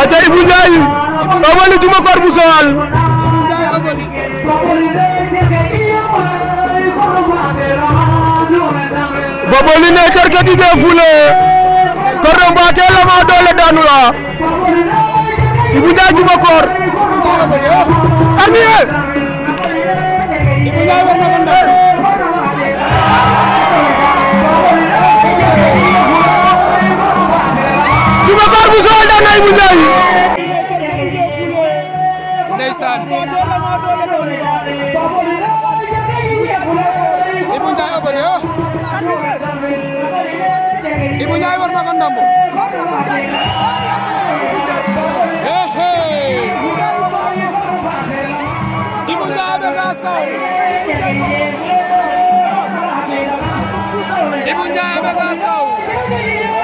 aca Ibou Ndiaye Obeuly Diouma Kor bu Joal Obeuly ne cerketi je fule Kor ɗo mbate lama doole danula Ibou Ndiaye Diouma Kor arnie nay bu njaay ndeysaan Ibou Ndiaye ëppal yo oh. Ibou Ndiaye war na ko ndambo Ibou Ndiaye da nga saw Ibou Ndiaye da nga saw